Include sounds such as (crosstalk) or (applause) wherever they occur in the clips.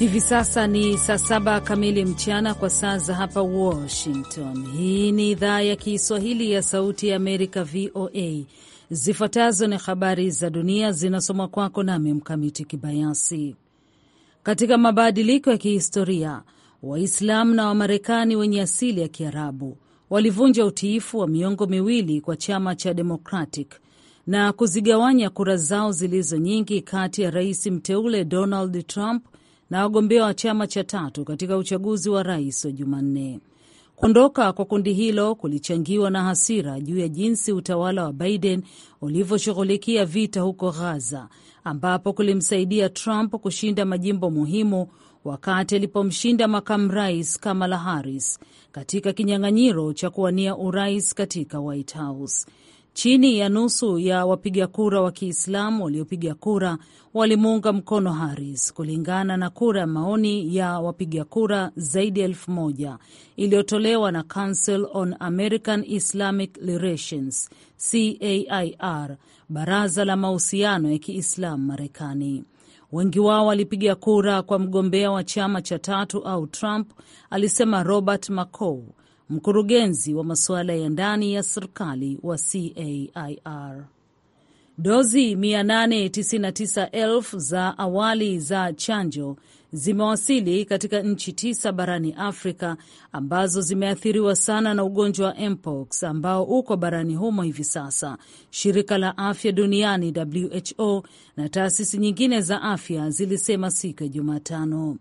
Hivi sasa ni saa saba kamili mchana kwa saa za hapa Washington. Hii ni idhaa ya Kiswahili ya Sauti ya Amerika, VOA. Zifuatazo ni habari za dunia zinasomwa kwako nami Mkamiti Kibayasi. Katika mabadiliko ya kihistoria, Waislamu na Wamarekani wenye asili ya Kiarabu walivunja utiifu wa miongo miwili kwa chama cha Democratic na kuzigawanya kura zao zilizo nyingi kati ya rais mteule Donald Trump na wagombea wa chama cha tatu katika uchaguzi wa rais wa Jumanne. Kuondoka kwa kundi hilo kulichangiwa na hasira juu ya jinsi utawala wa Biden ulivyoshughulikia vita huko Gaza, ambapo kulimsaidia Trump kushinda majimbo muhimu wakati alipomshinda makamu rais Kamala Harris katika kinyang'anyiro cha kuwania urais katika White House. Chini ya nusu ya wapiga kura wa Kiislamu waliopiga kura walimuunga mkono Harris, kulingana na kura ya maoni ya wapiga kura zaidi ya elfu moja iliyotolewa na Council on American Islamic Relations CAIR, baraza la mahusiano ya Kiislamu Marekani. Wengi wao walipiga kura kwa mgombea wa chama cha tatu au Trump, alisema Robert McCaul, mkurugenzi wa masuala ya ndani ya serikali wa CAIR. Dozi 899,000 za awali za chanjo zimewasili katika nchi tisa barani Afrika ambazo zimeathiriwa sana na ugonjwa wa mpox ambao uko barani humo hivi sasa. Shirika la afya duniani WHO na taasisi nyingine za afya zilisema siku ya Jumatano.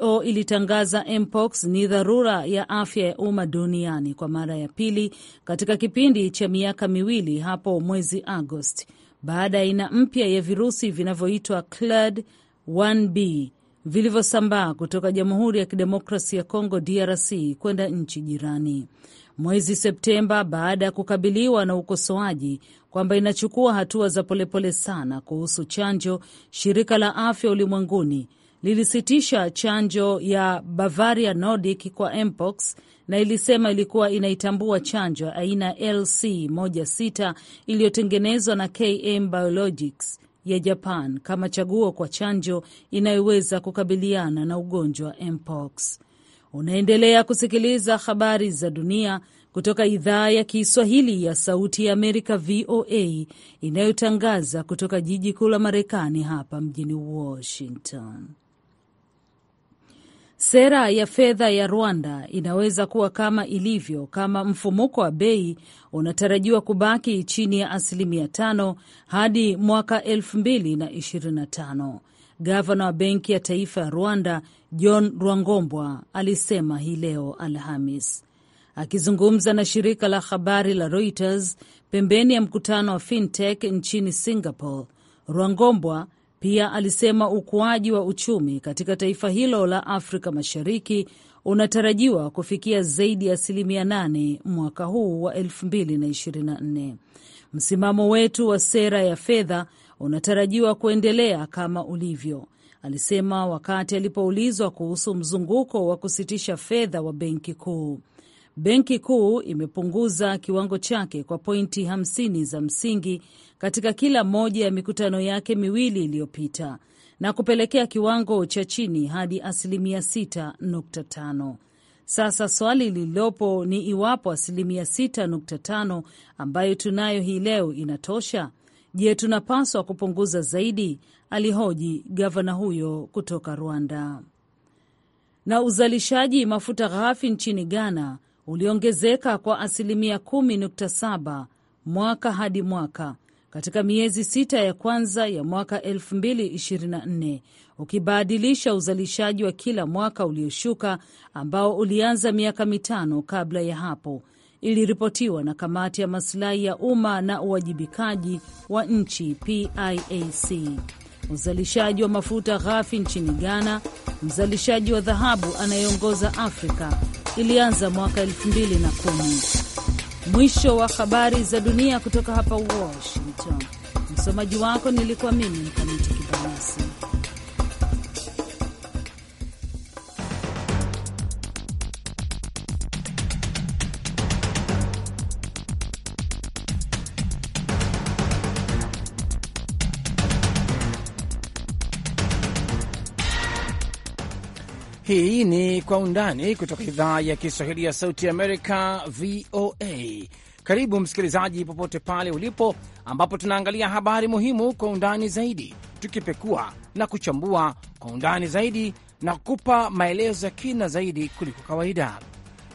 WHO ilitangaza mpox ni dharura ya afya ya umma duniani kwa mara ya pili katika kipindi cha miaka miwili hapo mwezi Agosti, baada ya aina mpya ya virusi vinavyoitwa Clade 1b vilivyosambaa kutoka Jamhuri ya Kidemokrasi ya Kongo DRC kwenda nchi jirani mwezi Septemba, baada ya kukabiliwa na ukosoaji kwamba inachukua hatua za polepole sana kuhusu chanjo. Shirika la Afya Ulimwenguni lilisitisha chanjo ya Bavaria Nordic kwa mpox na ilisema ilikuwa inaitambua chanjo ya aina LC16 iliyotengenezwa na KM Biologics ya Japan kama chaguo kwa chanjo inayoweza kukabiliana na ugonjwa wa mpox. Unaendelea kusikiliza habari za dunia kutoka idhaa ya Kiswahili ya Sauti ya Amerika, VOA, inayotangaza kutoka jiji kuu la Marekani, hapa mjini Washington. Sera ya fedha ya Rwanda inaweza kuwa kama ilivyo kama mfumuko wa bei unatarajiwa kubaki chini ya asilimia tano hadi mwaka elfu mbili na ishirini na tano. Gavana wa Benki ya Taifa ya Rwanda John Rwangombwa alisema hii leo Alhamis akizungumza na shirika la habari la Reuters pembeni ya mkutano wa fintech nchini Singapore. Rwangombwa pia alisema ukuaji wa uchumi katika taifa hilo la Afrika Mashariki unatarajiwa kufikia zaidi ya asilimia nane mwaka huu wa 2024. Msimamo wetu wa sera ya fedha unatarajiwa kuendelea kama ulivyo, alisema wakati alipoulizwa kuhusu mzunguko wa kusitisha fedha wa benki kuu. Benki Kuu imepunguza kiwango chake kwa pointi 50 za msingi katika kila moja ya mikutano yake miwili iliyopita na kupelekea kiwango cha chini hadi asilimia 6.5. Sasa swali lililopo ni iwapo asilimia 6.5 ambayo tunayo hii leo inatosha. Je, tunapaswa kupunguza zaidi? alihoji gavana huyo kutoka Rwanda. Na uzalishaji mafuta ghafi nchini Ghana uliongezeka kwa asilimia 10.7 mwaka hadi mwaka katika miezi sita ya kwanza ya mwaka 2024 ukibadilisha uzalishaji wa kila mwaka ulioshuka ambao ulianza miaka mitano kabla ya hapo, iliripotiwa na kamati ya masilahi ya umma na uwajibikaji wa nchi PIAC. Uzalishaji wa mafuta ghafi nchini Ghana, mzalishaji wa dhahabu anayeongoza Afrika ilianza mwaka 2010. Mwisho wa habari za dunia kutoka hapa Washington. Msomaji wako nilikuwa mimi Mkamiti Hii ni Kwa Undani kutoka idhaa ya Kiswahili ya Sauti Amerika, VOA. Karibu msikilizaji, popote pale ulipo, ambapo tunaangalia habari muhimu kwa undani zaidi, tukipekua na kuchambua kwa undani zaidi na kupa maelezo ya kina zaidi kuliko kawaida.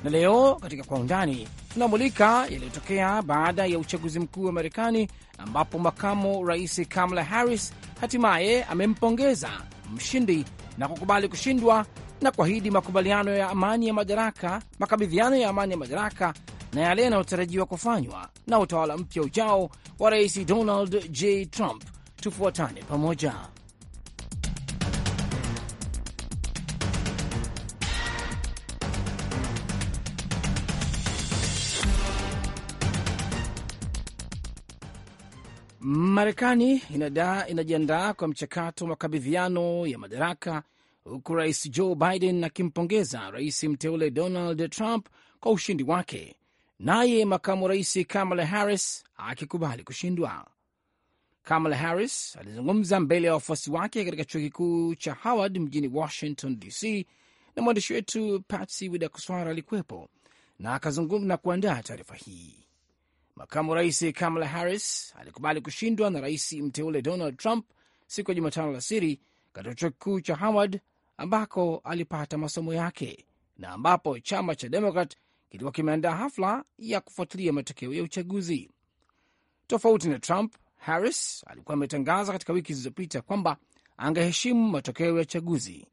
Na leo katika Kwa Undani tunamulika yaliyotokea baada ya uchaguzi mkuu wa Marekani, ambapo makamu rais Kamala Harris hatimaye amempongeza mshindi na kukubali kushindwa na kuahidi makubaliano ya amani ya madaraka, makabidhiano ya amani ya madaraka na yale yanayotarajiwa kufanywa na utawala mpya ujao wa Rais Donald J. Trump. Tufuatane pamoja. Marekani inajiandaa kwa mchakato wa makabidhiano ya madaraka huku rais Joe Biden akimpongeza rais mteule Donald Trump kwa ushindi wake, naye makamu rais Kamala Harris akikubali kushindwa. Kamala Harris alizungumza mbele ya wafuasi wake katika chuo kikuu cha Howard mjini Washington DC, na mwandishi wetu Patsy Widakuswara alikuwepo na akazungumza na kuandaa taarifa hii. Makamu rais Kamala Harris alikubali kushindwa na rais mteule Donald Trump siku ya Jumatano alasiri katika chuo kikuu cha Howard ambako alipata masomo yake na ambapo chama cha Demokrat kilikuwa kimeandaa hafla ya kufuatilia matokeo ya uchaguzi. Tofauti na Trump, Harris alikuwa ametangaza katika wiki zilizopita kwamba angeheshimu matokeo ya chaguzi.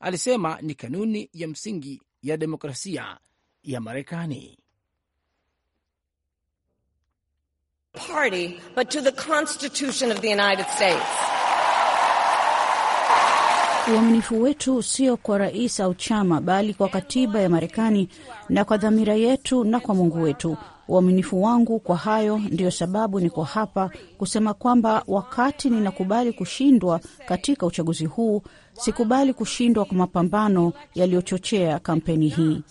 Alisema ni kanuni ya msingi ya demokrasia ya Marekani. Party, but to the Constitution of the United States. Uaminifu wetu sio kwa rais au chama, bali kwa katiba ya Marekani na kwa dhamira yetu na kwa Mungu wetu. Uaminifu wangu kwa hayo ndiyo sababu niko hapa kusema kwamba wakati ninakubali kushindwa katika uchaguzi huu, sikubali kushindwa kwa mapambano yaliyochochea kampeni hii.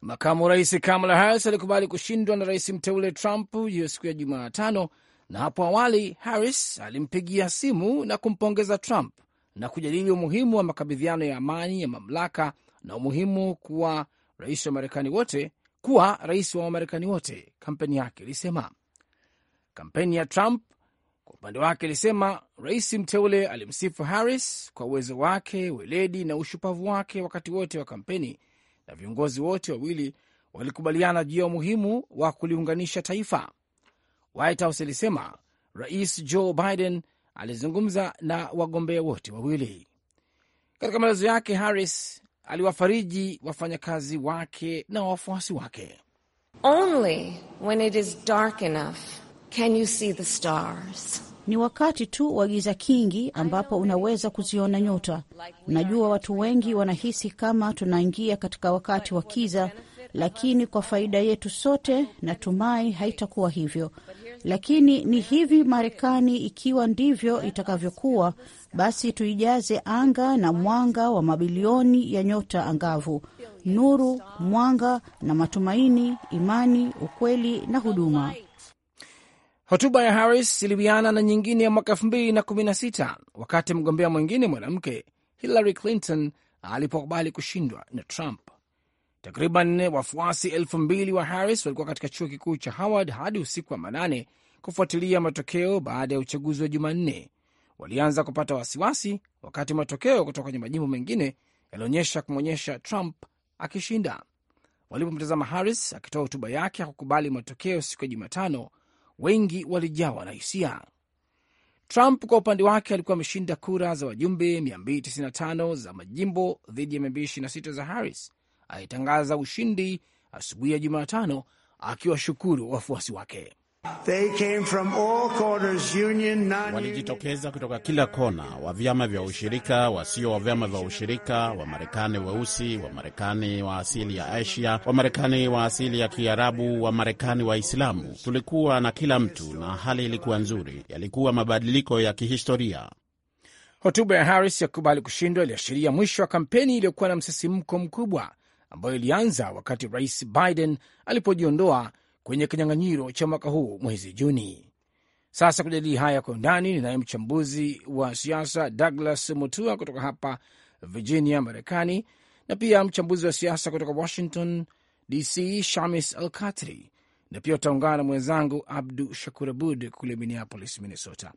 Makamu Rais Kamala Harris alikubali kushindwa na rais mteule Trump hiyo siku ya Jumatano, na hapo awali Harris alimpigia simu na kumpongeza Trump na kujadili umuhimu wa makabidhiano ya amani ya mamlaka na umuhimu kuwa rais wa Marekani wote kuwa rais wa Wamarekani wote, kampeni yake ilisema. Kampeni ya Trump kwa upande wake ilisema rais mteule alimsifu Harris kwa uwezo wake, weledi na ushupavu wake wakati wote wa kampeni, na viongozi wote wawili walikubaliana juu ya umuhimu wa kuliunganisha taifa. White House ilisema rais Joe Biden alizungumza na wagombea wote wawili. Katika maelezo yake, Harris aliwafariji wafanyakazi wake na wafuasi wake. Only when it is dark enough can you see the stars. Ni wakati tu wa giza kingi ambapo unaweza kuziona nyota. Najua watu wengi wanahisi kama tunaingia katika wakati wa kiza, lakini kwa faida yetu sote, natumai haitakuwa hivyo lakini ni hivi Marekani, ikiwa ndivyo itakavyokuwa, basi tuijaze anga na mwanga wa mabilioni ya nyota angavu, nuru, mwanga na matumaini, imani, ukweli na huduma. Hotuba ya Harris iliwiana na nyingine ya mwaka 216 wakati mgombea mwingine mwanamke Hillary Clinton alipokubali kushindwa na Trump. Takriban wafuasi elfu mbili wa Harris walikuwa katika chuo kikuu cha Howard hadi usiku wa manane kufuatilia matokeo baada ya uchaguzi wa Jumanne. Walianza kupata wasiwasi wakati matokeo kutoka kwenye majimbo mengine yalionyesha kumwonyesha Trump akishinda. Walipomtazama Harris akitoa hotuba yake ya kukubali matokeo siku ya Jumatano, wengi walijawa na hisia. Trump kwa upande wake alikuwa ameshinda kura za wajumbe 295 za majimbo dhidi ya 226 za Harris, alitangaza ushindi asubuhi ya Jumatano akiwashukuru wafuasi wake. Walijitokeza kutoka kila kona, wa vyama vya ushirika, wasio wa vyama vya ushirika, Wamarekani weusi, Wamarekani wa asili ya Asia, Wamarekani wa asili ya Kiarabu, Wamarekani Waislamu. Tulikuwa na kila mtu na hali ilikuwa nzuri, yalikuwa mabadiliko ya kihistoria. Hotuba ya Harris ya kubali kushindwa iliashiria mwisho wa kampeni iliyokuwa na msisimko mkubwa ambayo ilianza wakati Rais Biden alipojiondoa kwenye kinyang'anyiro cha mwaka huu mwezi Juni. Sasa kujadili haya kwa undani, ninaye mchambuzi wa siasa Douglas Mutua kutoka hapa Virginia, Marekani, na pia mchambuzi wa siasa kutoka Washington DC, Shamis Al Katri, na pia utaungana na mwenzangu Abdu Shakur Abud kule Minneapolis, Minnesota.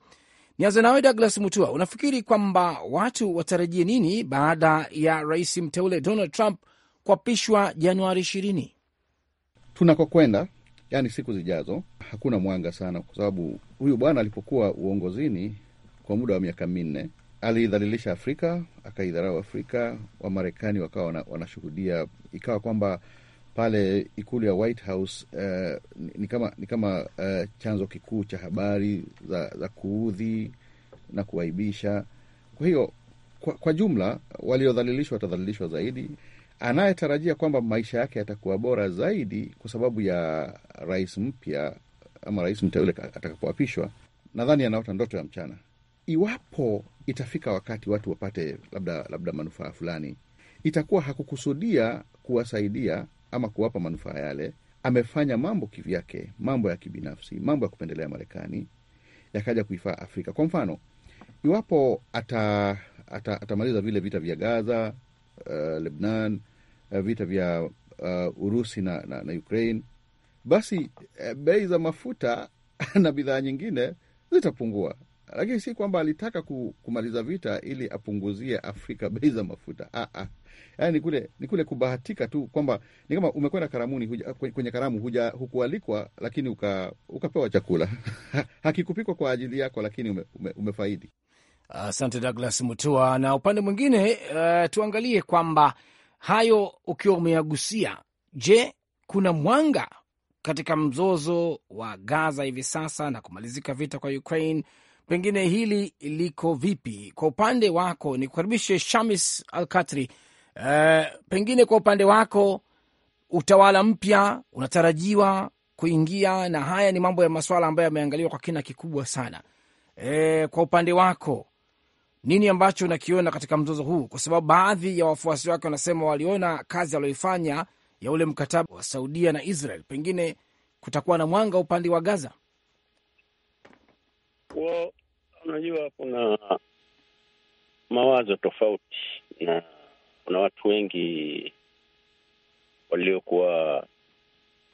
Nianze nawe Douglas Mutua, unafikiri kwamba watu watarajie nini baada ya rais mteule Donald Trump kuapishwa Januari ishirini. Tunakokwenda yani siku zijazo, hakuna mwanga sana, kwa sababu huyu bwana alipokuwa uongozini kwa muda wa miaka minne aliidhalilisha Afrika, akaidharau Afrika. Wamarekani wakawa wanashuhudia, ikawa kwamba pale ikulu ya White House uh, ni kama, ni kama uh, chanzo kikuu cha habari za, za kuudhi na kuwaibisha. Kwa hiyo kwa, kwa jumla waliodhalilishwa watadhalilishwa zaidi anayetarajia kwamba maisha yake yatakuwa bora zaidi kwa sababu ya rais mpya ama rais mteule atakapoapishwa, nadhani anaota ndoto ya mchana. Iwapo itafika wakati watu wapate labda labda manufaa fulani, itakuwa hakukusudia kuwasaidia ama kuwapa manufaa yale. Amefanya mambo kivyake, mambo ya kibinafsi, mambo ya kupendelea Marekani yakaja kuifaa Afrika. Kwa mfano, iwapo ata, ata, atamaliza vile vita vya Gaza uh, Lebnan, uh, vita vya uh, Urusi na, na, na Ukraine, basi uh, bei za mafuta (laughs) na bidhaa nyingine zitapungua. Lakini si kwamba alitaka kumaliza vita ili apunguzie Afrika (laughs) bei za mafuta ah, ah. Yani ni kule, ni kule kubahatika tu kwamba ni kama umekwenda karamuni huja, kwenye karamu huja hukualikwa, lakini uka, ukapewa chakula (laughs) hakikupikwa kwa ajili yako, lakini ume, ume, umefaidi. Asante uh, Douglas Mutua. Na upande mwingine uh, tuangalie kwamba hayo ukiwa umeyagusia, je, kuna mwanga katika mzozo wa Gaza hivi sasa na kumalizika vita kwa Ukraine? Pengine hili liko vipi kwa upande wako? Ni kukaribishe Shamis Al Katri. Uh, eh, pengine kwa upande wako utawala mpya unatarajiwa kuingia, na haya ni mambo ya masuala ambayo yameangaliwa kwa kina kikubwa sana. E, kwa upande wako nini ambacho unakiona katika mzozo huu, kwa sababu baadhi ya wafuasi wake wanasema waliona kazi aliyoifanya ya ule mkataba wa Saudia na Israel, pengine kutakuwa na mwanga upande wa Gaza? unajua kuna mawazo tofauti na kuna watu wengi waliokuwa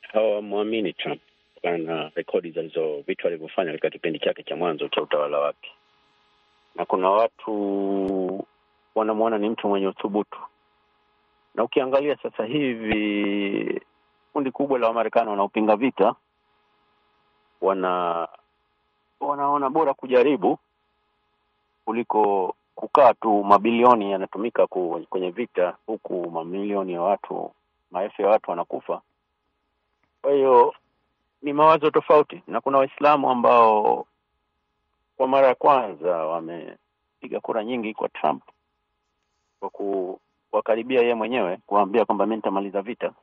hawamwamini Trump kutokana na rekodi za hizo vitu alivyofanya katika kipindi chake cha mwanzo cha utawala wake na kuna watu wanamwona ni mtu mwenye uthubutu. Na ukiangalia sasa hivi kundi kubwa la Wamarekani wanaopinga vita wana wanaona bora kujaribu kuliko kukaa tu. Mabilioni yanatumika kwenye vita, huku mamilioni ya watu, maelfu ya watu wanakufa. Kwa hiyo ni mawazo tofauti, na kuna Waislamu ambao kwa mara ya kwanza wamepiga kura nyingi kwa Trump kwa kuwakaribia yeye mwenyewe kuwaambia kwamba mi nitamaliza vita.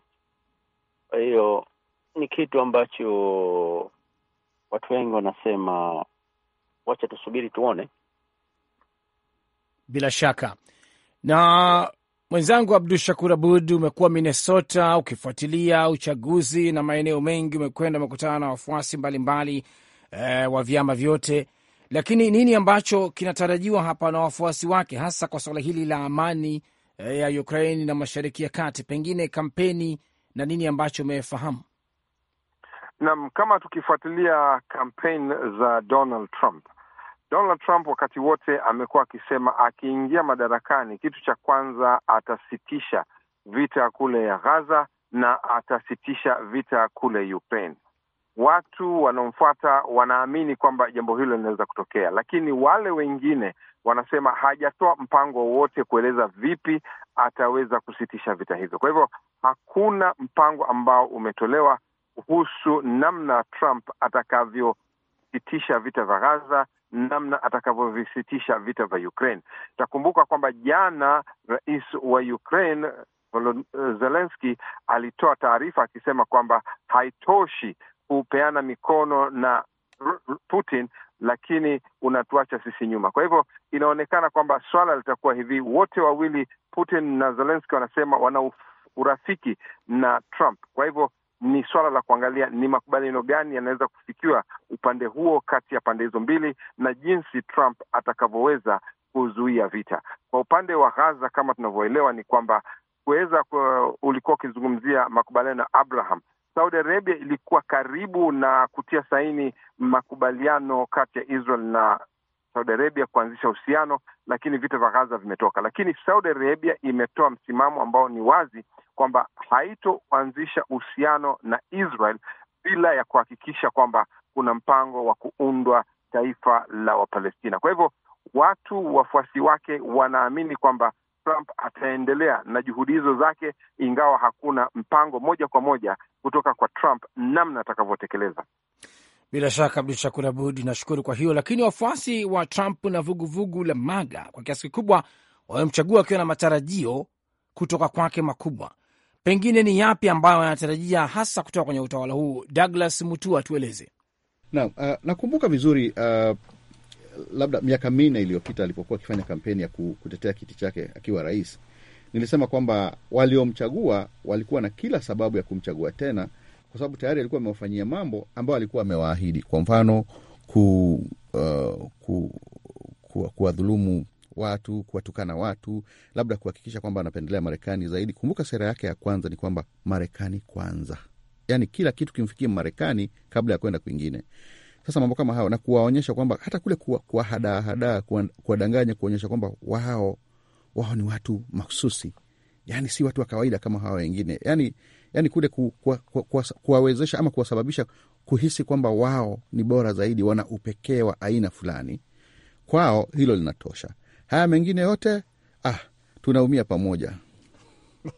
Kwa hiyo ni kitu ambacho watu wengi wanasema wacha tusubiri tuone. Bila shaka na mwenzangu Abdu Shakur Abud, umekuwa Minnesota ukifuatilia uchaguzi na maeneo mengi, umekwenda umekutana na wafuasi mbalimbali eh, wa vyama vyote lakini nini ambacho kinatarajiwa hapa na wafuasi wake, hasa kwa suala hili la amani eh, ya ukrain na mashariki ya kati, pengine kampeni na nini ambacho umefahamu? Naam, kama tukifuatilia kampeni za Donald Trump, Donald Trump wakati wote amekuwa akisema akiingia madarakani, kitu cha kwanza atasitisha vita kule ya Gaza na atasitisha vita kule Ukraine watu wanaomfuata wanaamini kwamba jambo hilo linaweza kutokea, lakini wale wengine wanasema hajatoa mpango wowote kueleza vipi ataweza kusitisha vita hivyo. Kwa hivyo hakuna mpango ambao umetolewa kuhusu namna Trump atakavyositisha vita vya ghaza namna atakavyovisitisha vita vya Ukraine. takumbuka kwamba jana rais wa Ukraine zelenski alitoa taarifa akisema kwamba haitoshi kupeana mikono na Putin, lakini unatuacha sisi nyuma. Kwa hivyo inaonekana kwamba swala litakuwa hivi, wote wawili Putin na Zelenski wanasema wana urafiki na Trump. Kwa hivyo ni swala la kuangalia ni makubaliano gani yanaweza kufikiwa upande huo kati ya pande hizo mbili na jinsi Trump atakavyoweza kuzuia vita. Kwa upande wa Gaza, kama tunavyoelewa ni kwamba kuweza ulikuwa ukizungumzia makubaliano ya Abraham Saudi Arabia ilikuwa karibu na kutia saini makubaliano kati ya Israel na Saudi Arabia kuanzisha uhusiano, lakini vita vya Gaza vimetoka. Lakini Saudi Arabia imetoa msimamo ambao ni wazi kwamba haitoanzisha uhusiano na Israel bila ya kuhakikisha kwamba kuna mpango wa kuundwa taifa la Wapalestina. Kwa hivyo watu wafuasi wake wanaamini kwamba Trump ataendelea na juhudi hizo zake, ingawa hakuna mpango moja kwa moja kutoka kwa Trump namna atakavyotekeleza. Bila shaka Abdu Shakur Abud, nashukuru kwa hiyo. Lakini wafuasi wa Trump na vuguvugu vugu la MAGA kwa kiasi kikubwa wamemchagua wakiwa na matarajio kutoka kwake makubwa. Pengine ni yapi ambayo wanatarajia hasa kutoka kwenye utawala huu? Douglas Mutua, tueleze. Naam, uh, nakumbuka vizuri uh, labda miaka minne iliyopita alipokuwa akifanya kampeni ya kutetea kiti chake akiwa rais, nilisema kwamba waliomchagua walikuwa na kila sababu ya kumchagua tena, kwa sababu tayari alikuwa amewafanyia mambo ambayo alikuwa amewaahidi, kwa mfano ku, uh, ku, ku, kuwadhulumu watu, kuwatukana watu, labda kuhakikisha kwamba anapendelea Marekani zaidi. Kumbuka sera yake ya kwanza ni kwamba Marekani kwanza, yani kila kitu kimfikie Marekani kabla ya kwenda kwingine. Sasa mambo kama hayo na kuwaonyesha kwamba hata kule kuwahadaahadaa kuwa kuwadanganya, kuonyesha kwamba wao wao ni watu mahususi, yani si watu wa kawaida kama hawa wengine, yani, yani kule kuwawezesha ama kuwasababisha kuhisi kwamba wao ni bora zaidi, wana upekee wa aina fulani. Kwao hilo linatosha. Haya mengine yote ah, tunaumia pamoja (laughs)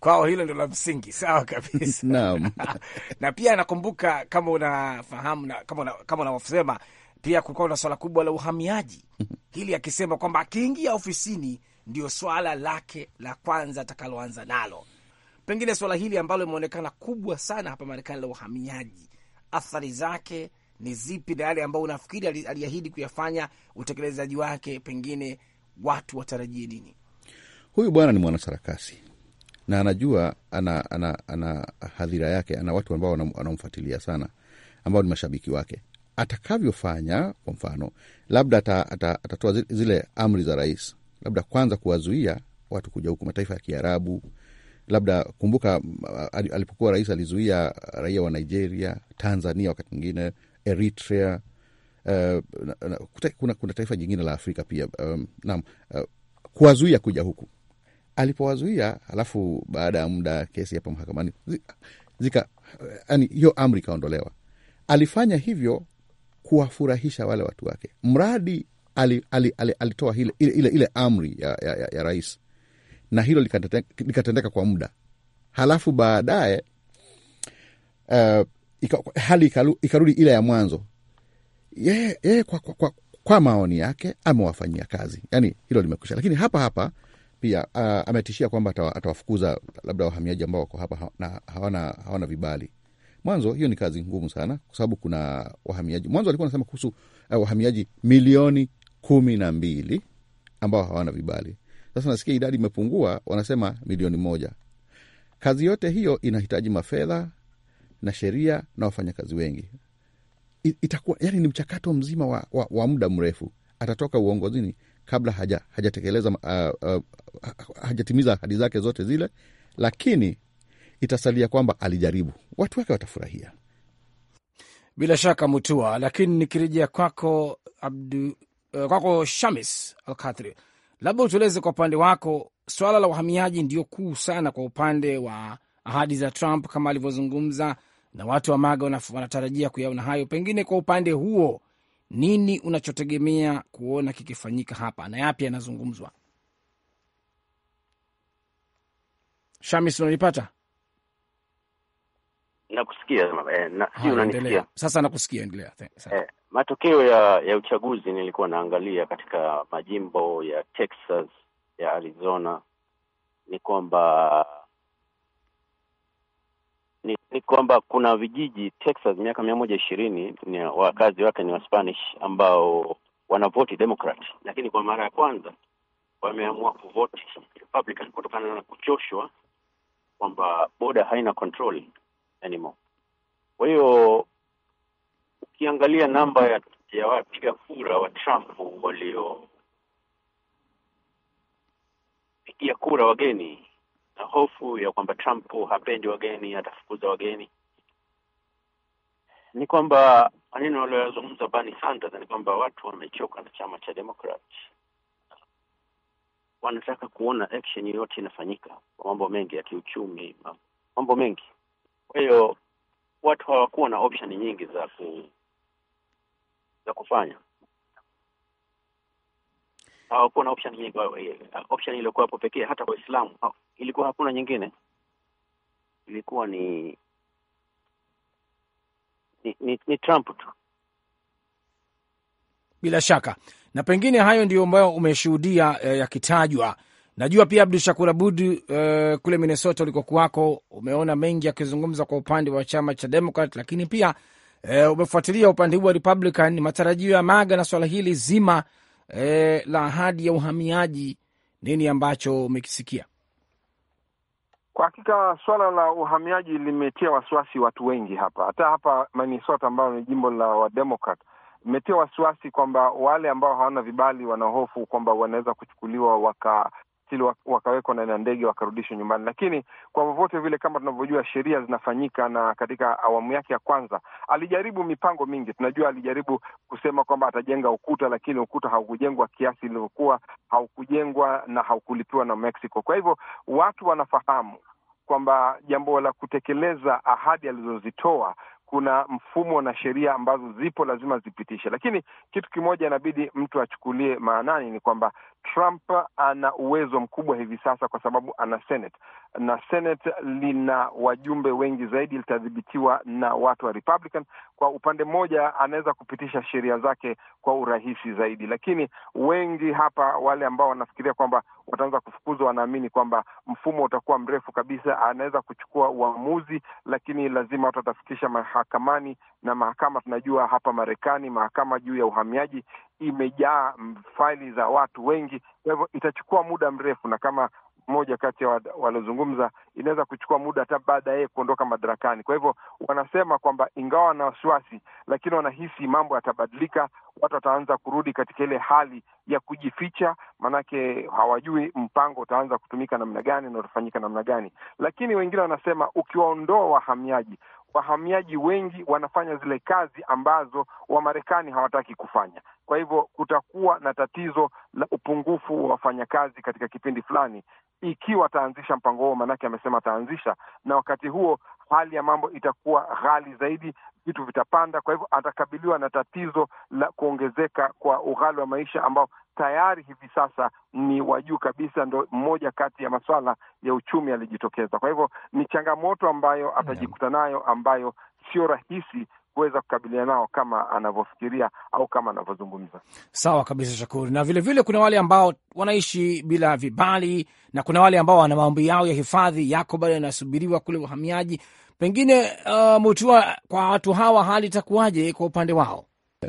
kwao hilo ndo la msingi. Sawa kabisa (laughs) naam. (laughs) na pia nakumbuka kama unafahamu na, kama unavyosema pia kulikuwa na swala kubwa la uhamiaji, (laughs) hili akisema kwamba akiingia ofisini ndio swala lake la kwanza atakaloanza nalo. Pengine swala hili ambalo limeonekana kubwa sana hapa Marekani la uhamiaji, athari zake ni zipi, na yale ambayo unafikiri aliahidi kuyafanya, utekelezaji wake, pengine watu watarajie nini? Huyu bwana ni mwanasarakasi na anajua ana, ana, ana hadhira yake, ana watu ambao wanamfuatilia sana, ambao ni mashabiki wake. Atakavyofanya kwa mfano, labda atatoa zile amri za rais, labda kwanza kuwazuia watu kuja huku mataifa ya Kiarabu. Labda kumbuka, alipokuwa rais alizuia raia wa Nigeria, Tanzania, wakati mwingine Eritrea. Uh, kuna, kuna taifa jingine la Afrika pia um, naam, uh, kuwazuia kuja huku alipowazuia. Halafu baada ya muda kesi hapa mahakamani zika, yani hiyo amri ikaondolewa. Alifanya hivyo kuwafurahisha wale watu wake, mradi ali, ali, ali, alitoa ile, ile, ile amri ya, ya, ya, ya rais, na hilo likatendeka kwa muda. Halafu baadaye uh, hali ikarudi ile ya mwanzo. Yeye kwa, kwa, kwa, kwa maoni yake amewafanyia kazi, yani hilo limekwisha. Lakini hapa hapa pia uh, ametishia kwamba atawafukuza labda wahamiaji ambao wako hapa na hawana, hawana vibali. Mwanzo hiyo ni kazi ngumu sana, kwa sababu kuna wahamiaji mwanzo alikuwa anasema kuhusu uh, wahamiaji milioni kumi na mbili ambao hawana vibali. Sasa nasikia idadi imepungua, wanasema milioni moja. Kazi yote hiyo inahitaji mafedha na sheria na wafanyakazi wengi. Itakuwa yani ni mchakato mzima wa, wa, wa muda mrefu. Atatoka uongozini kabla hajatekeleza haja uh, uh, hajatimiza ahadi zake zote zile, lakini itasalia kwamba alijaribu, watu wake watafurahia bila shaka Mutua. Lakini nikirejea kwako Abdu, uh, kwako Shamis Alkatri, labda utueleze kwa upande wako, swala la uhamiaji ndio kuu sana kwa upande wa ahadi za Trump kama alivyozungumza, na watu wa maga wanatarajia kuyaona hayo. Pengine kwa upande huo nini unachotegemea kuona kikifanyika hapa na yapi yanazungumzwa? Shamis, unanipata? Nakusikia eh, na, si unanisikia sasa? Nakusikia, endelea eh. Matokeo ya, ya uchaguzi nilikuwa naangalia katika majimbo ya Texas ya Arizona ni kwamba ni kwamba kuna vijiji Texas miaka mia moja ishirini wakazi wake ni Waspanish ambao wanavoti Democrat, lakini kwa mara ya kwanza wameamua kuvoti Republican kutokana na kuchoshwa kwamba boda haina control anymore. Kwa hiyo ukiangalia namba ya, ya wapiga kura wa Trump waliopigia kura wageni hofu ya kwamba Trump hapendi wageni, atafukuza wageni, ni kwamba maneno walioyazungumza Bernie Sanders ni kwamba watu wamechoka na chama cha Democrat, wanataka kuona action yoyote inafanyika kwa mambo mengi ya kiuchumi, mambo mengi. Kwa hiyo watu hawakuwa na option nyingi za ku, za kufanya hawakuwa na option, eh, option iliyokuwa hapo pekee. Hata kwa Waislamu ilikuwa hakuna nyingine, ilikuwa ni ni, ni, ni Trump tu. Bila shaka na pengine hayo ndiyo ambayo umeshuhudia eh, yakitajwa. Najua pia Abdu Shakur Abud, eh, kule Minnesota ulikokuwako, umeona mengi akizungumza kwa upande wa chama cha Demokrat, lakini pia eh, umefuatilia upande huu wa Republican, matarajio ya MAGA na swala hili zima e, la ahadi ya uhamiaji, nini ambacho umekisikia? Kwa hakika suala la uhamiaji limetia wasiwasi watu wengi hapa, hata hapa Minnesota ambayo ni jimbo la Wademokrat imetia wasiwasi kwamba wale ambao hawana vibali wanahofu kwamba wanaweza kuchukuliwa waka ili wakawekwa ndani ya ndege wakarudishwa nyumbani. Lakini kwa vovote vile, kama tunavyojua, sheria zinafanyika, na katika awamu yake ya kwanza alijaribu mipango mingi. Tunajua alijaribu kusema kwamba atajenga ukuta, lakini ukuta haukujengwa kiasi ilivyokuwa, haukujengwa na haukulipiwa na Mexico. Kwa hivyo watu wanafahamu kwamba jambo la kutekeleza ahadi alizozitoa kuna mfumo na sheria ambazo zipo lazima zipitishe, lakini kitu kimoja inabidi mtu achukulie maanani ni kwamba Trump ana uwezo mkubwa hivi sasa kwa sababu ana Senate na Senate lina wajumbe wengi zaidi, litadhibitiwa na watu wa Republican. Kwa upande mmoja, anaweza kupitisha sheria zake kwa urahisi zaidi, lakini wengi hapa, wale ambao wanafikiria kwamba wataanza kufukuzwa, wanaamini kwamba mfumo utakuwa mrefu kabisa. Anaweza kuchukua uamuzi, lakini lazima watu watafikisha mahakamani na mahakama tunajua hapa Marekani, mahakama juu ya uhamiaji imejaa faili za watu wengi, kwa hivyo itachukua muda mrefu, na kama mmoja kati ya waliozungumza, inaweza kuchukua muda hata baada ya yeye kuondoka madarakani. Kwa hivyo wanasema kwamba ingawa wana wasiwasi, lakini wanahisi mambo yatabadilika, watu wataanza kurudi katika ile hali ya kujificha, maanake hawajui mpango utaanza kutumika namna gani na utafanyika namna gani. Lakini wengine wanasema ukiwaondoa wahamiaji, wahamiaji wengi wanafanya zile kazi ambazo Wamarekani hawataki kufanya. Kwa hivyo kutakuwa na tatizo la upungufu wa wafanyakazi katika kipindi fulani, ikiwa ataanzisha mpango huo, maanake amesema ataanzisha, na wakati huo hali ya mambo itakuwa ghali zaidi, vitu vitapanda. Kwa hivyo atakabiliwa na tatizo la kuongezeka kwa ughali wa maisha ambao tayari hivi sasa ni wa juu kabisa. Ndo mmoja kati ya maswala ya uchumi yalijitokeza. Kwa hivyo ni changamoto ambayo atajikuta nayo, ambayo sio rahisi kuweza kukabiliana nao kama anavyofikiria au kama anavyozungumza. Sawa kabisa, Shakuri. Na vilevile vile kuna wale ambao wanaishi bila vibali na kuna wale ambao wana maombi yao ya hifadhi yako bado yanasubiriwa kule uhamiaji. Pengine uh, Mutua, kwa watu hawa hali itakuwaje kwa upande wao?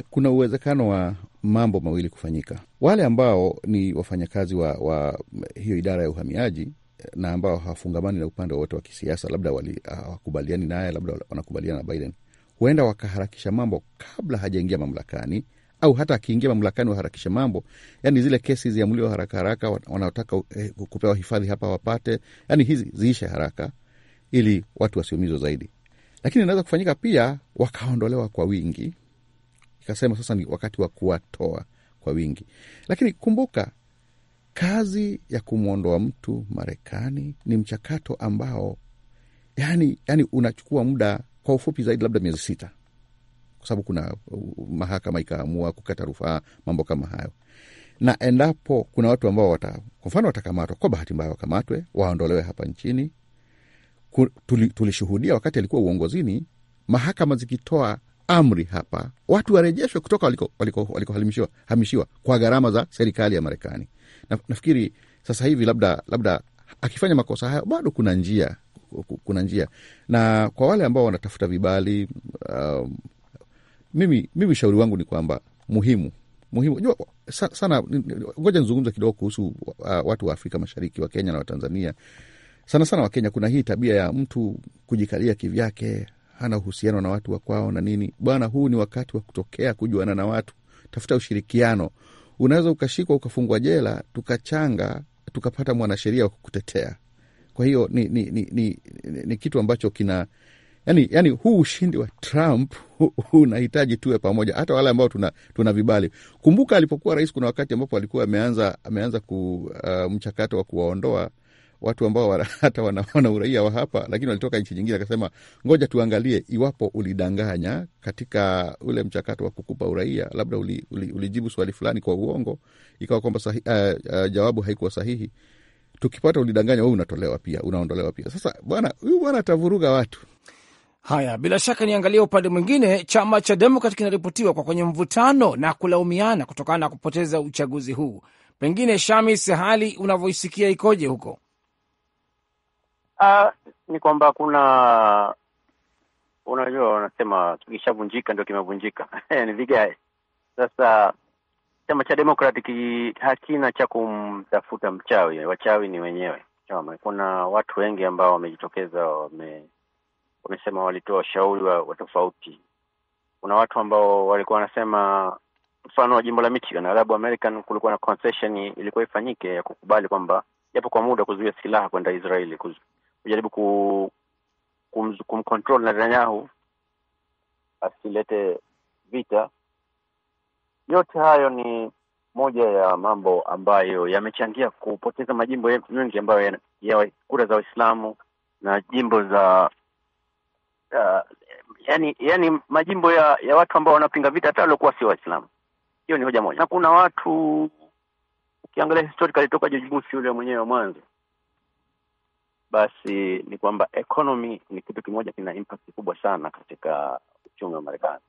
Kuna uwezekano wa mambo mawili kufanyika. Wale ambao ni wafanyakazi wa, wa hiyo idara ya uhamiaji eh, na ambao hawafungamani na upande wowote wa kisiasa, labda hawakubaliani naye, labda wanakubaliana na Biden, huenda wakaharakisha mambo kabla hajaingia mamlakani, au hata akiingia mamlakani waharakishe mambo, yani zile kesi ziamuliwe haraka haraka, wanaotaka eh, kupewa hifadhi hapa wapate, yani hizi ziishe haraka ili watu wasiumizwe zaidi. Lakini inaweza kufanyika pia wakaondolewa kwa wingi, ikasema sasa ni wakati wa kuwatoa kwa wingi. Lakini kumbuka kazi ya kumwondoa mtu Marekani ni mchakato ambao yani, yani unachukua muda kwa ufupi zaidi labda miezi sita, kwa sababu kuna uh, mahakama ikaamua kukata rufaa, mambo kama hayo. Na endapo kuna watu ambao wata, kwa mfano watakamatwa, kwa bahati mbaya wakamatwe, waondolewe hapa nchini. Tulishuhudia wakati alikuwa uongozini, mahakama zikitoa amri hapa watu warejeshwe kutoka walikohamishiwa waliko kwa gharama za serikali ya Marekani. Na, nafikiri sasa hivi labda labda akifanya makosa hayo bado kuna njia kuna njia. Na kwa wale ambao wanatafuta vibali, um, mimi, mimi shauri wangu ni kwamba muhimu muhimu jua sana. Ngoja nizungumza kidogo kuhusu uh, watu wa Afrika Mashariki, wa Kenya na Watanzania sana sana. Wakenya kuna hii tabia ya mtu kujikalia kivyake, hana uhusiano na watu wa kwao na nini. Bwana, huu ni wakati wa kutokea, kujuana na watu, tafuta ushirikiano. Unaweza ukashikwa ukafungwa jela, tukachanga tukapata mwanasheria wa kukutetea kwa hiyo ni, ni, ni, ni, ni, ni kitu ambacho kina yani, yani huu ushindi wa Trump unahitaji tuwe pamoja, hata wale ambao tuna, tuna vibali. Kumbuka alipokuwa rais, kuna wakati ambapo alikuwa ameanza, ameanza ku, uh, mchakato wa kuwaondoa watu ambao wa, (laughs) hata wanaona uraia wa hapa lakini walitoka nchi nyingine. Akasema ngoja tuangalie iwapo ulidanganya katika ule mchakato wa kukupa uraia, labda uli, uli, ulijibu swali fulani kwa uongo, ikawa kwamba uh, uh, jawabu haikuwa sahihi tukipata ulidanganya, wewe unatolewa pia, unaondolewa pia. Sasa bwana huyu bwana atavuruga watu. Haya, bila shaka niangalia upande mwingine. Chama cha Demokrat kinaripotiwa kwa kwenye mvutano na kulaumiana kutokana na kupoteza uchaguzi huu. Pengine Shamis, hali unavyoisikia ikoje huko? Uh, ni kwamba kuna unajua, wanasema kishavunjika ndio kimevunjika (laughs) ni vigae sasa chama cha demokrati hakina cha kumtafuta mchawi, wachawi ni wenyewe chama. Kuna watu wengi ambao wamejitokeza, wame wamesema walitoa ushauri wa, wa tofauti. Kuna watu ambao walikuwa wanasema, mfano wa jimbo la Michigan, Arabu American, kulikuwa na concession ilikuwa ifanyike ya kukubali kwamba japo kwa muda kuzuia silaha kwenda Israeli, kujaribu ku, kumcontrol kum Netanyahu asilete vita yote hayo ni moja ya mambo ambayo yamechangia kupoteza majimbo mengi ambayo ya, ya kura za Waislamu na jimbo za uh, yani, yani majimbo ya, ya watu ambao wanapinga vita hata waliokuwa sio Waislamu. Hiyo ni hoja moja, na kuna watu ukiangalia historically toka George Bush yule mwenyewe wa mwanzo, basi ni kwamba economy ni kitu kimoja kina impact kubwa sana katika uchumi wa Marekani.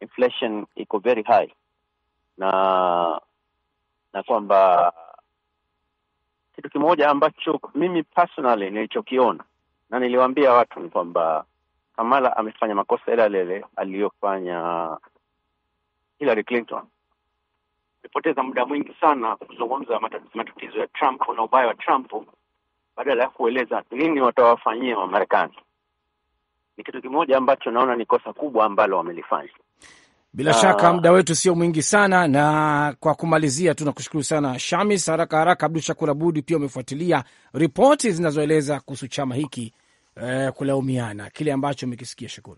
Inflation iko very high na na kwamba kitu kimoja ambacho mimi personally nilichokiona na niliwaambia watu ni kwamba Kamala amefanya makosa yale yale aliyofanya Hillary Clinton. Amepoteza muda mwingi sana kuzungumza matatizo ya Trump na ubaya wa Trump badala ya kueleza nini watawafanyia Wamarekani. Ni kitu kimoja ambacho naona ni kosa kubwa ambalo wamelifanya. Bila ah. shaka muda wetu sio mwingi sana, na kwa kumalizia tu kushukuru sana Shamis. Haraka haraka, Abdu Shakur Abudi pia umefuatilia ripoti zinazoeleza kuhusu chama hiki eh, kulaumiana, kile ambacho umekisikia Shakur?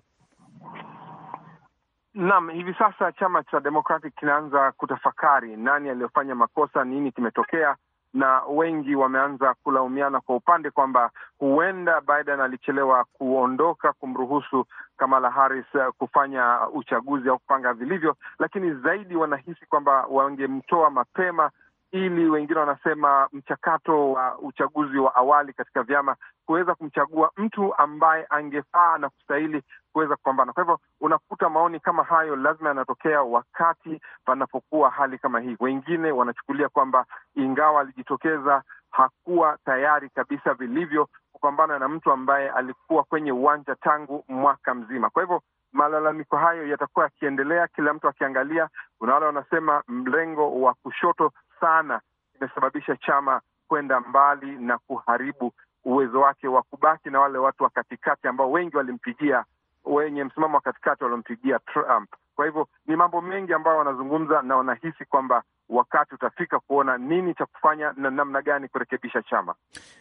Naam, hivi sasa chama cha Democratic kinaanza kutafakari nani aliyofanya makosa, nini kimetokea, na wengi wameanza kulaumiana kwa upande kwamba huenda Biden alichelewa kuondoka kumruhusu Kamala Harris eh, kufanya uchaguzi au kupanga vilivyo, lakini zaidi wanahisi kwamba wangemtoa mapema ili wengine wanasema mchakato wa uchaguzi wa awali katika vyama kuweza kumchagua mtu ambaye angefaa na kustahili kuweza kupambana. Kwa hivyo unakuta maoni kama hayo lazima yanatokea wakati panapokuwa hali kama hii. Wengine wanachukulia kwamba ingawa alijitokeza hakuwa tayari kabisa vilivyo kupambana na mtu ambaye alikuwa kwenye uwanja tangu mwaka mzima. Kwa hivyo malalamiko hayo yatakuwa yakiendelea, kila mtu akiangalia. Kuna wale wanasema mlengo wa kushoto sana imesababisha chama kwenda mbali na kuharibu uwezo wake wa kubaki na wale watu wa katikati ambao wengi walimpigia, wenye msimamo wa katikati walimpigia Trump. Kwa hivyo ni mambo mengi ambayo wanazungumza na wanahisi kwamba wakati utafika kuona nini cha kufanya na namna gani kurekebisha chama.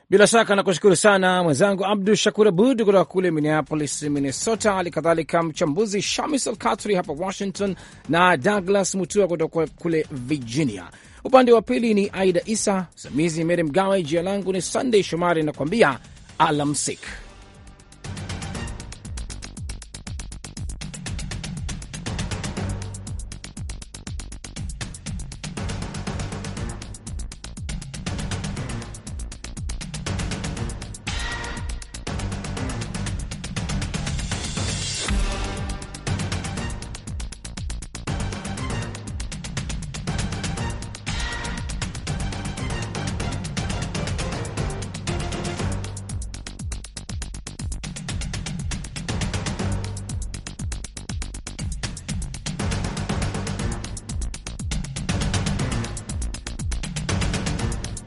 Bila shaka nakushukuru sana mwenzangu Abdu Shakur Abud kutoka kule Minneapolis, Minnesota, hali kadhalika mchambuzi Shamis Al Katri hapa Washington na Douglas Mutua kutoka kule Virginia. Upande wa pili ni Aida Isa Samizi Meri Mgawe. Jina langu ni Sunday Shomari, nakuambia alamsik.